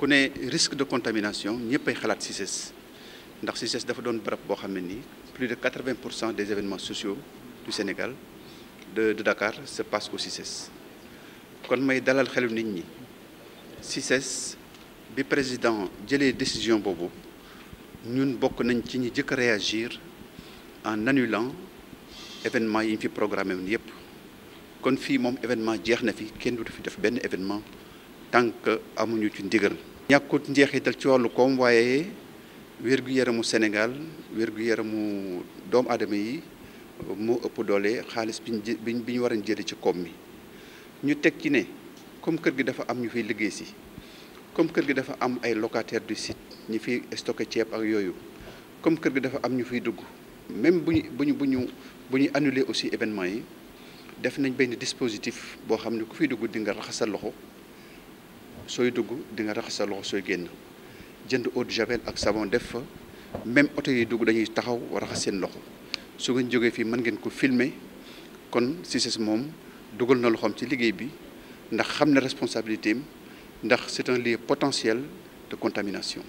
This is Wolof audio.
ku risque de contamination ñëpp ay xalaat CICES ndax CICES dafa doon barab boo xam plus de 80 des événements sociaux du Sénégal de de Dakar se passe au CICES kon may dalal xelu nit ñi CICES bi président jëlee décision boobu ñun bokk nañ ci ñi jëkk réagir en annulant événement yi ñu fi programmé woon yëpp kon fii événement jeex na fi du événement tant que amuñu ci ndigal. ñàkkut njeexital ci wàllu koom waaye wér-gu-yaramu Sénégal wér-gu-yaramu doomu aadama yi moo ëpp doole xaalis biñ biñ bi ñu war a jëlee ci koom mi ñu teg ci ne comme kër gi dafa am ñu fiy liggéey si comme kër gi dafa am ay locataire du site ñi fiy stocké ceeb ak yooyu comme kër gi dafa am ñu fiy dugg même bu ñu bu ñu bu ñu bu aussi événement yi def nañ benn dispositif boo xam ne ku fiy dugg di nga raxasal loxo. So dugg di nga sa jënd javel ak savon def même oto yi dugg dañuy taxaw raxas seen loxo su ngeen jógee fii mën ngeen ko filmer kon moom dugal na loxoom ci responsabilité c'est un lieu potentiel de contamination